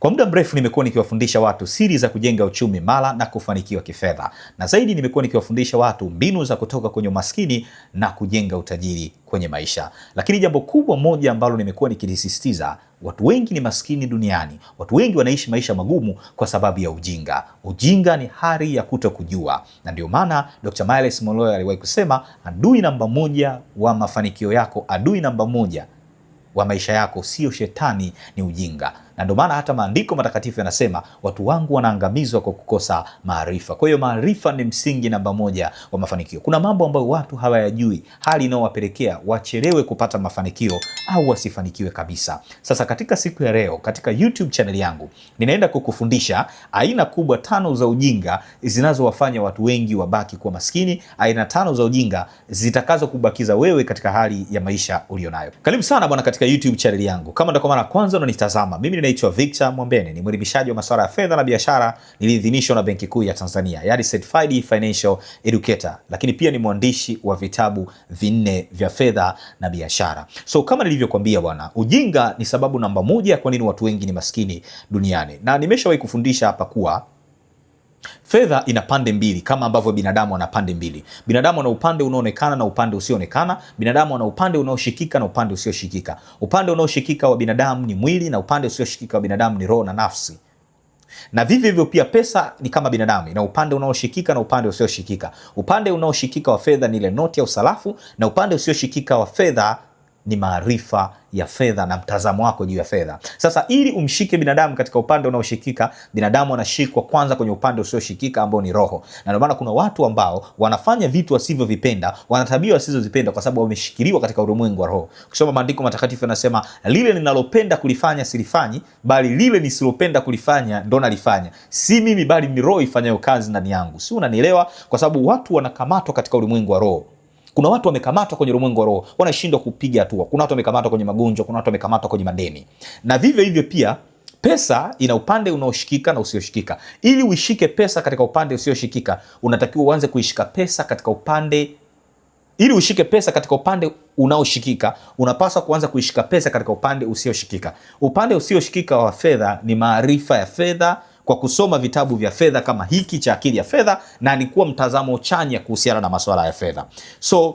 Kwa muda mrefu nimekuwa nikiwafundisha watu siri za kujenga uchumi mara na kufanikiwa kifedha, na zaidi nimekuwa nikiwafundisha watu mbinu za kutoka kwenye umaskini na kujenga utajiri kwenye maisha. Lakini jambo kubwa moja ambalo nimekuwa nikilisisitiza, watu wengi ni maskini duniani, watu wengi wanaishi maisha magumu kwa sababu ya ujinga. Ujinga ni hali ya kuto kujua, na ndio maana Dr. Miles Monroe aliwahi kusema, adui namba moja wa mafanikio yako, adui namba moja wa maisha yako sio shetani, ni ujinga na ndio maana hata maandiko matakatifu yanasema watu wangu wanaangamizwa kwa kukosa maarifa. Kwa hiyo maarifa ni msingi namba moja wa mafanikio. Kuna mambo ambayo watu hawayajui, hali inayowapelekea wachelewe kupata mafanikio au wasifanikiwe kabisa. Sasa katika siku ya leo, katika YouTube channel yangu ninaenda kukufundisha aina kubwa tano za ujinga zinazowafanya watu wengi wabaki kuwa maskini, aina tano za ujinga zitakazokubakiza wewe katika hali ya maisha ulionayo. Karibu sana bwana katika YouTube channel yangu. Kama ndio kwa mara kwanza unanitazama mimi naitwa Victor Mwambene, ni mwelimishaji wa masuala ya fedha na biashara, niliidhinishwa na Benki Kuu ya Tanzania, yani certified financial educator, lakini pia ni mwandishi wa vitabu vinne vya fedha na biashara. So kama nilivyokuambia bwana, ujinga ni sababu namba moja kwa nini watu wengi ni maskini duniani, na nimeshawahi kufundisha hapa kuwa Fedha ina pande mbili kama ambavyo binadamu ana pande mbili. Binadamu ana upande unaoonekana na upande usioonekana. Binadamu ana upande unaoshikika na upande usioshikika. Upande unaoshikika wa binadamu ni mwili na upande usioshikika wa binadamu ni roho na nafsi. Na vivyo hivyo pia pesa ni kama binadamu, ina upande unaoshikika na upande usioshikika. Upande unaoshikika wa fedha ni ile noti au sarafu, na upande usioshikika wa fedha ni maarifa ya fedha na mtazamo wako juu ya fedha. Sasa ili umshike binadamu katika upande unaoshikika, binadamu anashikwa kwanza kwenye upande usioshikika ambao ni roho, na ndio maana kuna watu ambao wanafanya vitu wasivyovipenda, wanatabia wasizozipenda, kwa sababu wameshikiliwa katika ulimwengu wa roho. Ukisoma maandiko matakatifu yanasema, lile ninalopenda kulifanya silifanyi, bali lile nisilopenda kulifanya ndo nalifanya, si mimi, bali ni roho ifanyayo kazi ndani yangu. Si unanielewa? Kwa sababu watu wanakamatwa katika ulimwengu wa roho. Kuna watu wamekamatwa kwenye ulimwengu wa roho wanashindwa kupiga hatua. Kuna watu wamekamatwa kwenye magonjwa, kuna watu wamekamatwa kwenye madeni, na vivyo hivyo pia pesa ina upande unaoshikika na usioshikika. Ili uishike pesa katika upande usioshikika, unatakiwa uanze kuishika pesa katika upande ili ushike pesa katika upande unaoshikika unapaswa kuanza kuishika pesa katika upande usioshikika. Upande usioshikika wa fedha ni maarifa ya fedha, kwa kusoma vitabu vya fedha kama hiki cha Akili ya Fedha, na alikuwa mtazamo chanya kuhusiana na masuala ya fedha. So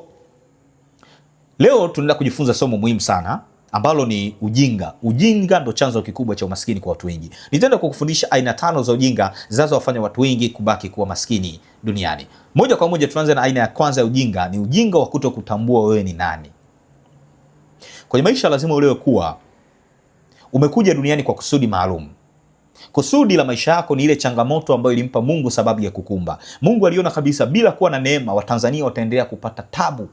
leo tunaenda kujifunza somo muhimu sana ambalo ni ujinga. Ujinga ndo chanzo kikubwa cha umaskini kwa watu wengi. Nitaenda kwa kufundisha aina tano za ujinga zinazowafanya watu wengi kubaki kuwa maskini duniani. Moja kwa moja, tuanze na aina ya kwanza ya ujinga, ni ujinga wa kuto kutambua wewe ni nani. Kwenye maisha lazima uelewe kuwa umekuja duniani kwa kusudi maalum. Kusudi la maisha yako ni ile changamoto ambayo ilimpa Mungu sababu ya kukumba. Mungu aliona kabisa bila kuwa na neema Watanzania wataendelea kupata tabu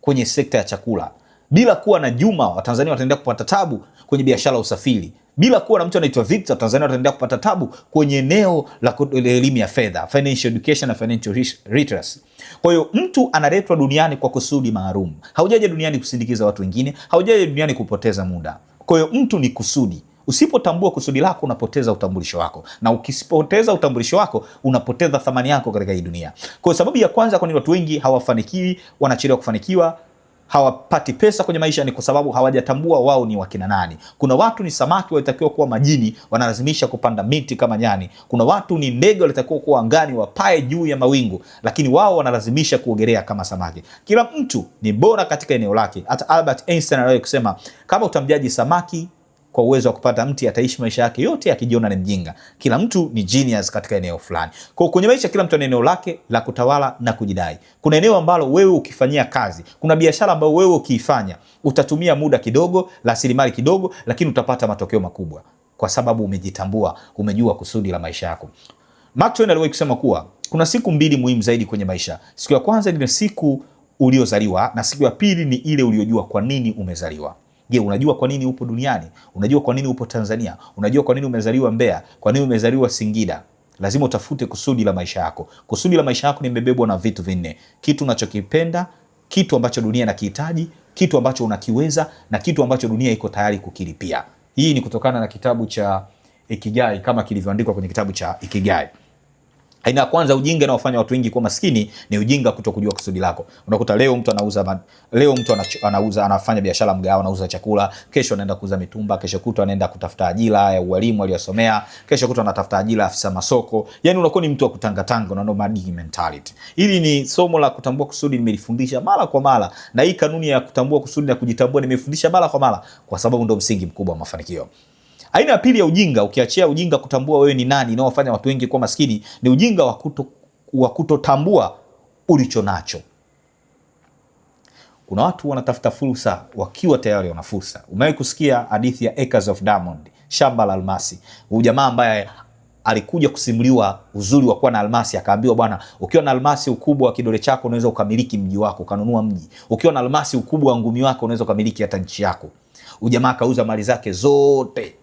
kwenye sekta ya chakula. Bila kuwa na Juma Watanzania wataendelea kupata tabu kwenye biashara ya usafiri. Bila kuwa na mtu anaitwa Victor Tanzania wataendelea kupata tabu kwenye eneo la elimu ya fedha, financial education na financial literacy. Kwa hiyo mtu analetwa duniani kwa kusudi maalum. Haujaja duniani kusindikiza watu wengine, haujaja duniani kupoteza muda. Kwa hiyo mtu ni kusudi. Usipotambua kusudi lako, unapoteza utambulisho wako, na ukipoteza utambulisho wako unapoteza thamani yako katika hii dunia. Kwa sababu ya kwanza, kwa nini watu wengi hawafanikiwi, wanachelewa kufanikiwa hawapati pesa kwenye maisha ni kwa sababu hawajatambua wao ni wakina nani. Kuna watu ni samaki walitakiwa kuwa majini, wanalazimisha kupanda miti kama nyani. Kuna watu ni ndege walitakiwa kuwa angani, wapae juu ya mawingu, lakini wao wanalazimisha kuogelea kama samaki. Kila mtu ni bora katika eneo lake. Hata Albert Einstein aliwahi kusema, kama utamjaji samaki kwa uwezo wa kupata mti ataishi maisha yake yote akijiona ni mjinga. Kila mtu ni genius katika eneo fulani. Kwa kwenye maisha kila mtu ana eneo lake la kutawala na kujidai. Kuna eneo ambalo wewe ukifanyia kazi, kuna biashara ambayo wewe ukiifanya utatumia muda kidogo, rasilimali kidogo, lakini utapata matokeo makubwa kwa sababu umejitambua, umejua kusudi la maisha yako. Mark Twain aliwahi kusema kuwa kuna siku mbili muhimu zaidi kwenye maisha. Siku ya kwanza ni siku uliozaliwa na siku ya pili ni ile uliojua kwa nini umezaliwa. Je, unajua kwa nini upo duniani? Unajua kwa nini upo Tanzania? Unajua kwa nini umezaliwa Mbeya? Kwa nini umezaliwa Singida? Lazima utafute kusudi la maisha yako. Kusudi la maisha yako limebebwa na vitu vinne: kitu unachokipenda, kitu ambacho dunia inakihitaji, kitu ambacho unakiweza, na kitu ambacho dunia iko tayari kukilipia. Hii ni kutokana na kitabu cha Ikigai kama kilivyoandikwa kwenye kitabu cha Ikigai. Aina ya kwanza ujinga unaofanya watu wengi kuwa maskini ni ujinga kutokujua kusudi lako. Unakuta leo mtu anauza, leo mtu anauza, anafanya biashara mgao, anauza chakula, kesho anaenda kuuza mitumba, kesho kutwa anaenda kutafuta ajira ya ualimu aliyosomea, kesho kutwa anatafuta ajira afisa masoko. Yani unakuwa ni mtu wa kutangatanga na nomad mentality. Hili ni somo la kutambua kusudi, nimelifundisha mara kwa mara, na hii kanuni ya kutambua kusudi na kujitambua nimefundisha mara kwa mara, kwa sababu ndio msingi mkubwa wa mafanikio. Aina ya pili ya ujinga, ukiachia ujinga kutambua wewe ni nani inaowafanya watu wengi kuwa maskini, ni ujinga wa kutotambua ulicho nacho. Kuna watu wanatafuta fursa wakiwa tayari wana fursa. Umewahi kusikia hadithi ya Acres of Diamond, shamba la almasi? Huyu jamaa ambaye alikuja kusimuliwa uzuri wa kuwa na almasi, akaambiwa, bwana, ukiwa na almasi ukubwa wa kidole chako unaweza ukamiliki mji wako, ukanunua mji. Ukiwa na almasi ukubwa wa ngumi wako unaweza ukamiliki hata nchi yako. Ujamaa akauza mali zake zote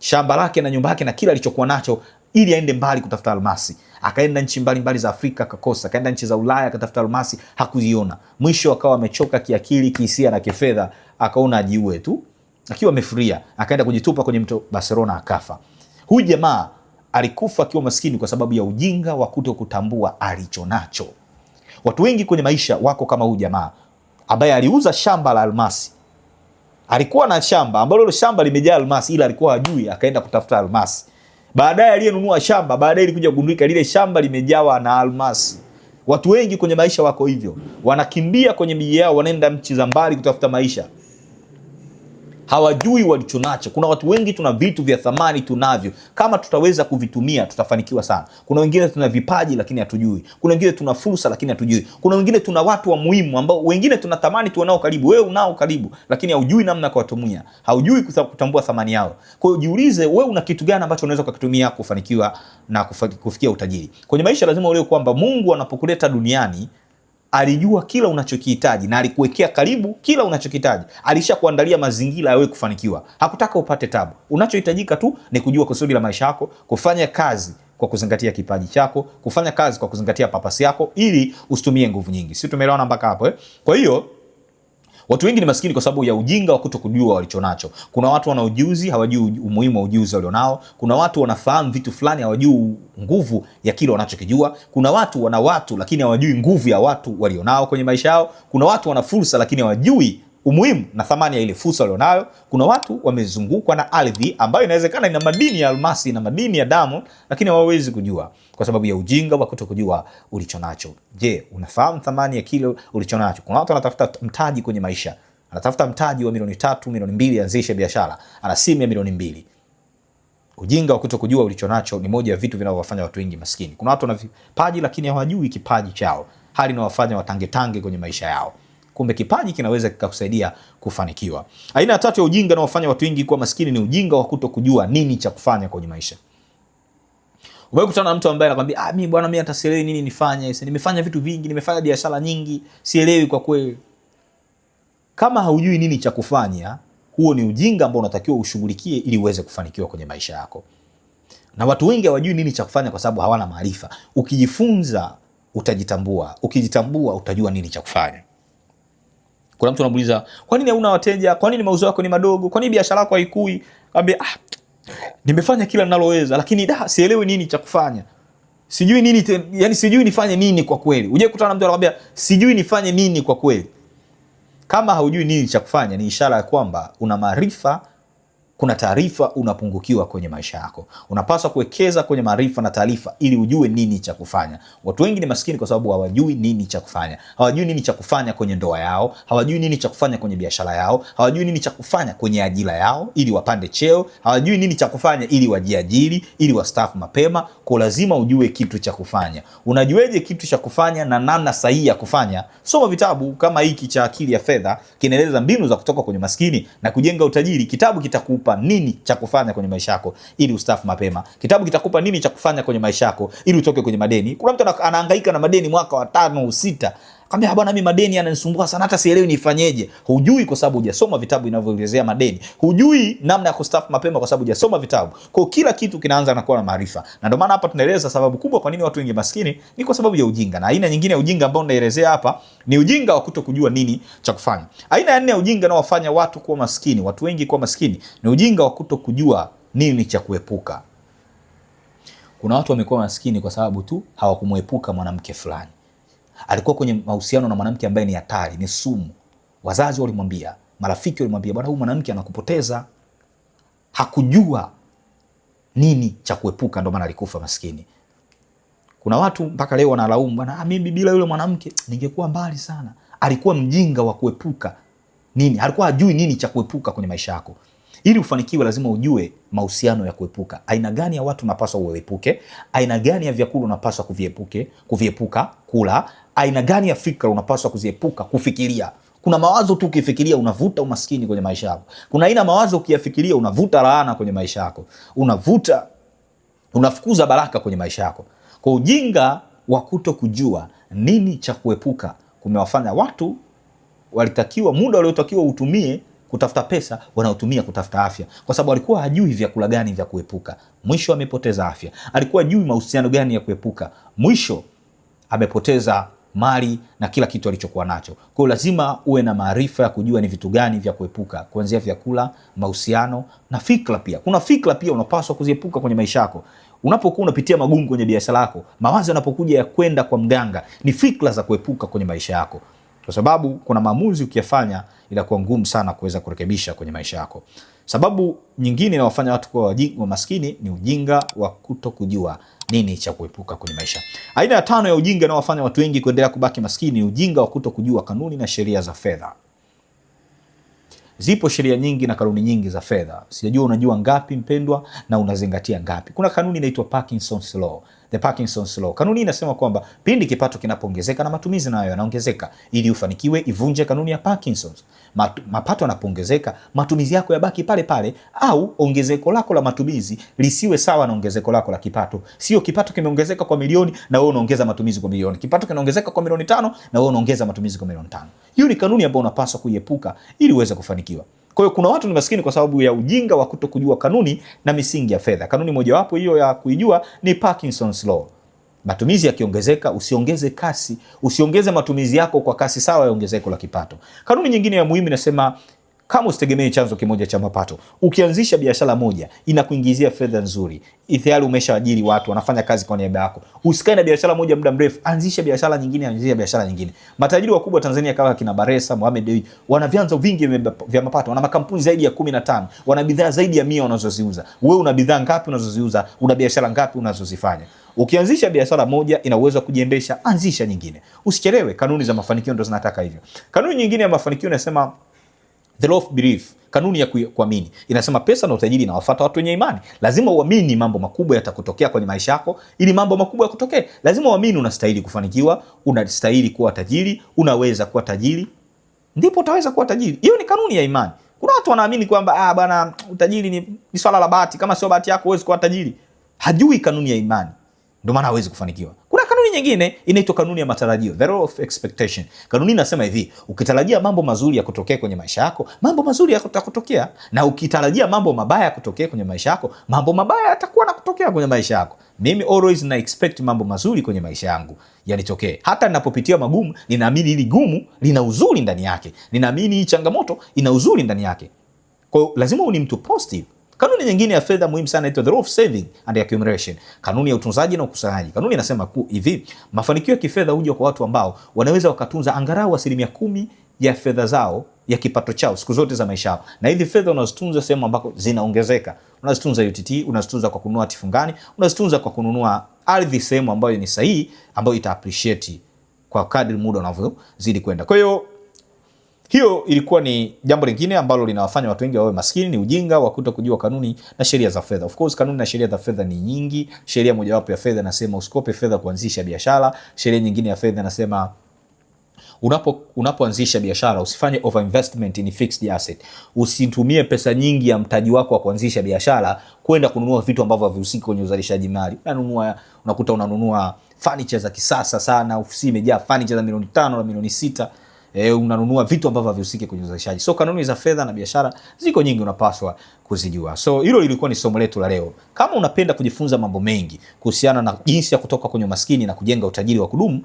shamba lake na nyumba yake na kila alichokuwa nacho ili aende mbali kutafuta almasi. Akaenda nchi mbalimbali za Afrika akakosa, akaenda nchi za Ulaya akatafuta almasi hakuziona. Mwisho akawa amechoka kiakili, kihisia na kifedha, akaona ajiue tu akiwa amefuria, akaenda kujitupa kwenye mto Barcelona akafa. Huyu jamaa alikufa akiwa maskini kwa sababu ya ujinga wa kuto kutambua nacho. Watu wengi kwenye maisha wako kama huyu jamaa ambaye aliuza shamba la almasi alikuwa na shamba ambalo hilo shamba limejaa almasi, ila alikuwa hajui, akaenda kutafuta almasi. Baadaye aliyenunua shamba baadaye ilikuja kugundulika lile shamba limejawa na almasi. Watu wengi kwenye maisha wako hivyo, wanakimbia kwenye miji yao, wanaenda nchi za mbali kutafuta maisha hawajui walichonacho. Kuna watu wengi tuna vitu vya thamani tunavyo, kama tutaweza kuvitumia tutafanikiwa sana. Kuna wengine tuna vipaji lakini hatujui, kuna wengine tuna fursa lakini hatujui, kuna wengine tuna watu wa muhimu ambao wengine tunatamani nao karibu, wewe unao karibu, lakini haujui namna ya kuwatumia, haujui kutambua thamani yao. Kwa hiyo jiulize, wewe una kitu gani ambacho unaweza kukitumia kufanikiwa na kufikia utajiri kwenye maisha. Lazima uelewe kwamba Mungu anapokuleta duniani alijua kila unachokihitaji na alikuwekea karibu kila unachokihitaji. Alishakuandalia mazingira ya wewe kufanikiwa, hakutaka upate tabu. Unachohitajika tu ni kujua kusudi la maisha yako, kufanya kazi kwa kuzingatia kipaji chako, kufanya kazi kwa kuzingatia papasi yako, ili usitumie nguvu nyingi. Si tumeelewana mpaka hapo eh? Kwa hiyo Watu wengi ni maskini kwa sababu ya ujinga wa kuto kujua walichonacho. Kuna watu wana ujuzi, hawajui umuhimu wa ujuzi walionao. Kuna watu wanafahamu vitu fulani, hawajui nguvu ya kile wanachokijua. Kuna watu wana watu, lakini hawajui nguvu ya watu walionao kwenye maisha yao. Kuna watu wana fursa, lakini hawajui umuhimu na thamani ya ile fursa walionayo. Kuna watu wamezungukwa na ardhi ambayo inawezekana ina madini ya almasi na madini ya damu, lakini hawawezi kujua kwa sababu ya ujinga wa kuto kujua ulicho nacho. Je, unafahamu thamani ya kile ulicho nacho? Kuna watu wanatafuta mtaji kwenye maisha, anatafuta mtaji wa milioni tatu, milioni mbili, anzishe biashara, ana simu ya milioni mbili. Ujinga wa kuto kujua ulicho nacho ni moja ya vitu vinavyowafanya watu wengi maskini. Kuna watu wana vipaji lakini hawajui kipaji chao, hali inawafanya watangetange kwenye maisha yao. Kumbe kipaji kinaweza kikakusaidia kufanikiwa. Aina ya tatu ya ujinga unaofanya watu wengi kuwa maskini ni ujinga wa kuto kujua nini cha kufanya kwenye maisha. Umekutana na mtu ambaye anakwambia ah, mimi bwana, mimi hata sielewi nini nifanye. Sasa nimefanya vitu vingi, nimefanya biashara nyingi, sielewi kwa kweli. Kama haujui nini cha kufanya, huo ni ujinga ambao unatakiwa ushughulikie ili uweze kufanikiwa kwenye maisha yako. Na watu wengi hawajui nini cha kufanya kwa sababu hawana maarifa. Ukijifunza utajitambua, ukijitambua utajua nini cha kufanya. Kuna mtu anamuuliza, kwa nini hauna wateja? Kwa nini mauzo yako ni madogo? Kwa nini biashara yako haikui? Ambe, ah, nimefanya kila ninaloweza, lakini da, sielewi nini cha kufanya. Sijui nini te, yani sijui nifanye nini kwa kweli. Uje kutana na mtu anakuambia sijui nifanye nini kwa kweli. Kama haujui nini cha kufanya, ni ishara ya kwamba una maarifa kuna taarifa unapungukiwa kwenye maisha yako. Unapaswa kuwekeza kwenye maarifa na taarifa ili ujue nini cha kufanya. Watu wengi ni maskini kwa sababu hawajui nini cha kufanya, hawajui nini cha kufanya kwenye ndoa yao, hawajui nini cha kufanya kwenye biashara yao, hawajui nini cha kufanya kwenye ajira yao ili wapande cheo, hawajui nini cha kufanya ili wajiajiri, ili wastaafu mapema. Kwa lazima ujue kitu cha kufanya. Unajueje kitu cha kufanya na namna sahihi ya kufanya? Soma vitabu kama hiki cha Akili ya Fedha, kinaeleza mbinu za kutoka kwenye maskini na kujenga utajiri. Kitabu kitakupa kitakupa nini cha kufanya kwenye maisha yako ili ustaafu mapema. Kitabu kitakupa nini cha kufanya kwenye maisha yako ili utoke kwenye madeni. Kuna mtu anahangaika na madeni mwaka wa tano sita Akamwambia ah, bwana, mimi madeni yananisumbua sana, hata sielewi nifanyeje. Hujui kwa sababu hujasoma vitabu vinavyoelezea madeni, hujui namna ya kustaafu mapema kwa sababu hujasoma vitabu. Kwa kila kitu kinaanza na kuwa na maarifa, na ndio maana hapa tunaeleza sababu kubwa kwa nini watu wengi maskini ni kwa sababu ya ujinga, na aina nyingine ya ujinga ambao naelezea hapa ni ujinga wa kutokujua nini cha kufanya. Aina ya nne ya ujinga watu kuwa maskini, watu wengi kuwa maskini, ni ujinga wa kutokujua nini cha kuepuka. Kuna watu wamekuwa maskini kwa sababu tu hawakumwepuka mwanamke fulani alikuwa kwenye mahusiano na mwanamke ambaye ni hatari, ni sumu. Wazazi walimwambia, marafiki walimwambia, bwana, huyu mwanamke anakupoteza. Hakujua nini cha kuepuka, ndio maana alikufa maskini. Kuna watu mpaka leo wanalaumu, bwana, ah, mimi bila yule mwanamke ningekuwa mbali sana. Alikuwa mjinga wa kuepuka nini, alikuwa hajui nini cha kuepuka kwenye maisha yako. Ili ufanikiwe, lazima ujue mahusiano ya kuepuka, aina gani ya watu unapaswa uepuke, aina gani ya vyakula unapaswa kuviepuke kuviepuka kula, aina gani ya fikra unapaswa kuziepuka kufikiria. Kuna mawazo tu ukifikiria unavuta umaskini kwenye maisha yako. Kuna aina mawazo ukiyafikiria unavuta laana kwenye maisha yako, unavuta unafukuza baraka kwenye maisha yako. Kwa ujinga wa kuto kujua nini cha kuepuka kumewafanya watu walitakiwa muda waliotakiwa utumie kutafuta pesa wanaotumia kutafuta afya, kwa sababu alikuwa hajui vyakula gani vya kuepuka, mwisho amepoteza afya. Alikuwa hajui mahusiano gani ya kuepuka, mwisho amepoteza mali na kila kitu alichokuwa nacho. Kwa hiyo lazima uwe na maarifa ya kujua ni vitu gani vya kuepuka, kuanzia vyakula, mahusiano na fikra pia. Kuna fikra pia unapaswa kuziepuka kwenye maisha yako. Unapokuwa unapitia magumu kwenye biashara yako, mawazo yanapokuja ya kwenda kwa mganga, ni fikra za kuepuka kwenye maisha yako kwa sababu kuna maamuzi ukiyafanya inakuwa ngumu sana kuweza kurekebisha kwenye maisha yako. Sababu nyingine inawafanya watu kuwa wajinga maskini ni ujinga wa kuto kujua nini cha kuepuka kwenye maisha. Aina ya tano ya ujinga inayowafanya watu wengi kuendelea kubaki maskini ni ujinga wa kuto kujua kanuni na sheria za fedha. Zipo sheria nyingi na kanuni nyingi za fedha. Sijajua unajua ngapi mpendwa, na unazingatia ngapi? Kuna kanuni inaitwa Parkinson's Law the Parkinson's law. Kanuni inasema kwamba pindi kipato kinapoongezeka na matumizi nayo yanaongezeka, ili ufanikiwe ivunje kanuni ya Parkinson's. Mapato yanapoongezeka, matumizi yako yabaki pale pale, au ongezeko lako la matumizi lisiwe sawa na ongezeko lako la kipato. Sio kipato kimeongezeka kwa milioni na wewe unaongeza matumizi kwa milioni. Kipato kinaongezeka kwa milioni tano na wewe unaongeza matumizi kwa milioni tano. Hiyo ni kanuni ambayo unapaswa kuiepuka ili uweze kufanikiwa. Kwa hiyo kuna watu ni maskini kwa sababu ya ujinga wa kuto kujua kanuni na misingi ya fedha. Kanuni mojawapo hiyo ya kuijua ni Parkinson's Law. Matumizi yakiongezeka, usiongeze kasi, usiongeze matumizi yako kwa kasi sawa ya ongezeko la kipato. Kanuni nyingine ya muhimu inasema kama usitegemee chanzo kimoja cha mapato. Ukianzisha biashara moja inakuingizia fedha nzuri, tayari umeshaajiri watu wanafanya kazi kwa niaba yako. Usikae na biashara moja muda mrefu, anzisha biashara nyingine, anzisha biashara nyingine. Matajiri wakubwa Tanzania kama kina Baresa, Mohamed Dewji wana vyanzo vingi vya mapato, wana makampuni zaidi ya 15, wana bidhaa zaidi ya 100 wanazoziuza. Wewe una bidhaa ngapi unazoziuza? Una biashara ngapi unazozifanya? Ukianzisha biashara moja ina uwezo wa kujiendesha, anzisha nyingine. Usichelewe, kanuni za mafanikio ndo zinataka hivyo. Kanuni nyingine ya mafanikio inasema the law of belief, kanuni ya kuamini inasema pesa na utajiri inawafuata watu wenye imani. Lazima uamini mambo makubwa yatakutokea kwenye maisha yako, ili mambo makubwa yakutokee, lazima uamini unastahili kufanikiwa, unastahili kuwa tajiri, unaweza kuwa tajiri, ndipo utaweza kuwa tajiri. Hiyo ni kanuni ya imani. Kuna watu wanaamini kwamba ah, bwana utajiri ni, ni swala la bahati, kama sio bahati yako huwezi kuwa tajiri. Hajui kanuni ya imani, ndio maana hawezi kufanikiwa. Kuna Kanuni nyingine inaitwa kanuni ya matarajio, the law of expectation. Kanuni inasema hivi, ukitarajia mambo mazuri ya kutokea kwenye maisha yako, mambo mazuri yatakutokea, na ukitarajia mambo mabaya ya kutokea kwenye maisha yako, mambo mabaya yatakuwa na kutokea kwenye maisha yako. Mimi always na expect mambo mazuri kwenye maisha yangu yanitokee, hata ninapopitia magumu. Ninaamini hili gumu lina uzuri ndani yake, ninaamini hii changamoto ina uzuri ndani yake. Kwa hiyo lazima uni mtu positive. Kanuni nyingine ya fedha muhimu sana inaitwa the law of saving and accumulation, kanuni ya utunzaji na ukusanyaji. Kanuni inasema hivi, mafanikio ya kifedha huja kwa watu ambao wanaweza wakatunza angalau asilimia kumi ya fedha zao ya kipato chao siku zote za maisha yao, na hizi fedha unazitunza sehemu ambako zinaongezeka. Unazitunza UTT, unazitunza kwa kununua hatifungani, unazitunza kwa kununua ardhi sehemu ambayo ni sahihi, ambayo ita appreciate kwa kadri muda unavyozidi kwenda. Kwa hiyo hiyo ilikuwa ni jambo lingine ambalo linawafanya watu wengi wawe maskini, ni ujinga wa kuto kujua kanuni na sheria za fedha. Of course, kanuni na sheria za fedha ni nyingi. Sheria mojawapo ya fedha nasema usikope fedha kuanzisha biashara. Sheria nyingine ya fedha nasema unapo unapoanzisha biashara usifanye overinvestment in fixed asset. Usitumie pesa nyingi ya mtaji wako wa kuanzisha biashara kwenda kununua vitu ambavyo havihusiki kwenye uzalishaji mali. Unanunua, unakuta unanunua furniture za kisasa sana, ofisi imejaa furniture za milioni tano na milioni sita e, unanunua vitu ambavyo havihusiki kwenye uzalishaji. So kanuni za fedha na biashara ziko nyingi, unapaswa kuzijua. So hilo lilikuwa ni somo letu la leo. Kama unapenda kujifunza mambo mengi kuhusiana na jinsi ya kutoka kwenye umaskini na kujenga utajiri wa kudumu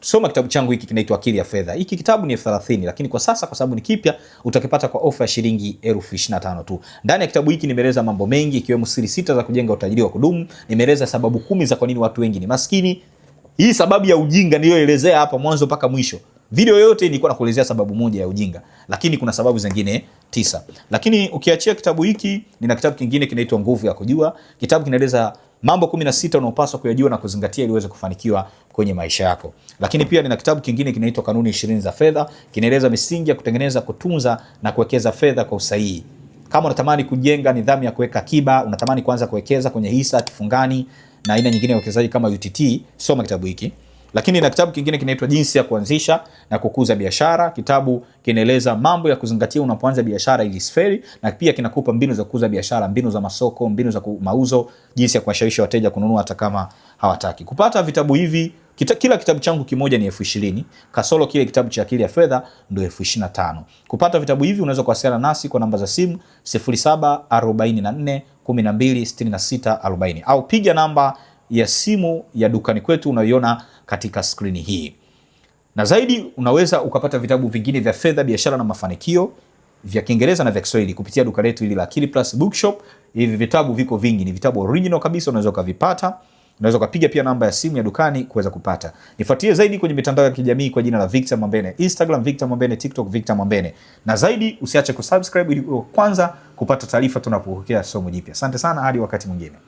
Soma kitabu changu hiki kinaitwa Akili ya Fedha. Hiki kitabu ni elfu thelathini lakini kwa sasa kwa sababu ni kipya utakipata kwa ofa ya shilingi elfu ishirini na tano tu. Ndani ya kitabu hiki nimeeleza mambo mengi ikiwemo siri sita za kujenga utajiri wa kudumu, nimeeleza sababu kumi za kwa nini watu wengi ni maskini. Hii sababu ya ujinga niliyoelezea hapa mwanzo mpaka mwisho Video yote ilikuwa nakuelezea sababu moja ya ujinga, lakini kuna sababu zingine tisa. Lakini ukiachia kitabu hiki, nina kitabu kingine kinaitwa Nguvu ya Kujua. Kitabu kinaeleza mambo 16 unaopaswa kuyajua na kuzingatia ili uweze kufanikiwa kwenye maisha yako. Lakini pia nina kitabu kingine kinaitwa Kanuni 20 za Fedha, kinaeleza misingi ya kutengeneza, kutunza na kuwekeza fedha kwa usahihi. Kama unatamani kujenga nidhamu ya kuweka akiba, unatamani kuanza kuwekeza kwenye hisa, kifungani na aina nyingine ya uwekezaji kama UTT, soma kitabu hiki. Lakini na kitabu kingine kinaitwa Jinsi ya Kuanzisha na Kukuza Biashara. Kitabu kinaeleza mambo ya kuzingatia unapoanza biashara ili isifeli, na pia kinakupa mbinu za kukuza biashara, mbinu za masoko, mbinu za mauzo, jinsi ya kuwashawishi wateja kununua hata kama hawataki. Kupata vitabu hivi kita, kila kitabu changu kimoja ni elfu ishirini kasoro kile kitabu cha Akili ya Fedha ndo elfu ishirini na tano. Kupata vitabu hivi unaweza kuwasiliana nasi kwa namba za simu 0744 126640 au piga namba ya simu ya dukani kwetu unayoiona katika skrini hii, na zaidi unaweza ukapata vitabu vingine vya fedha, biashara na mafanikio vya Kiingereza na vya Kiswahili kupitia duka letu hili la Akili Plus Bookshop. Hivi vitabu viko vingi, ni vitabu original kabisa, unaweza ukavipata. Unaweza ukapiga pia namba ya simu ya dukani kuweza kupata. Nifuatie zaidi kwenye mitandao ya kijamii kwa jina la Victor Mwambene, Instagram Victor Mwambene, TikTok Victor Mwambene, na zaidi usiache kusubscribe ili kwanza kupata taarifa tunapopokea somo jipya. Asante sana, hadi wakati mwingine.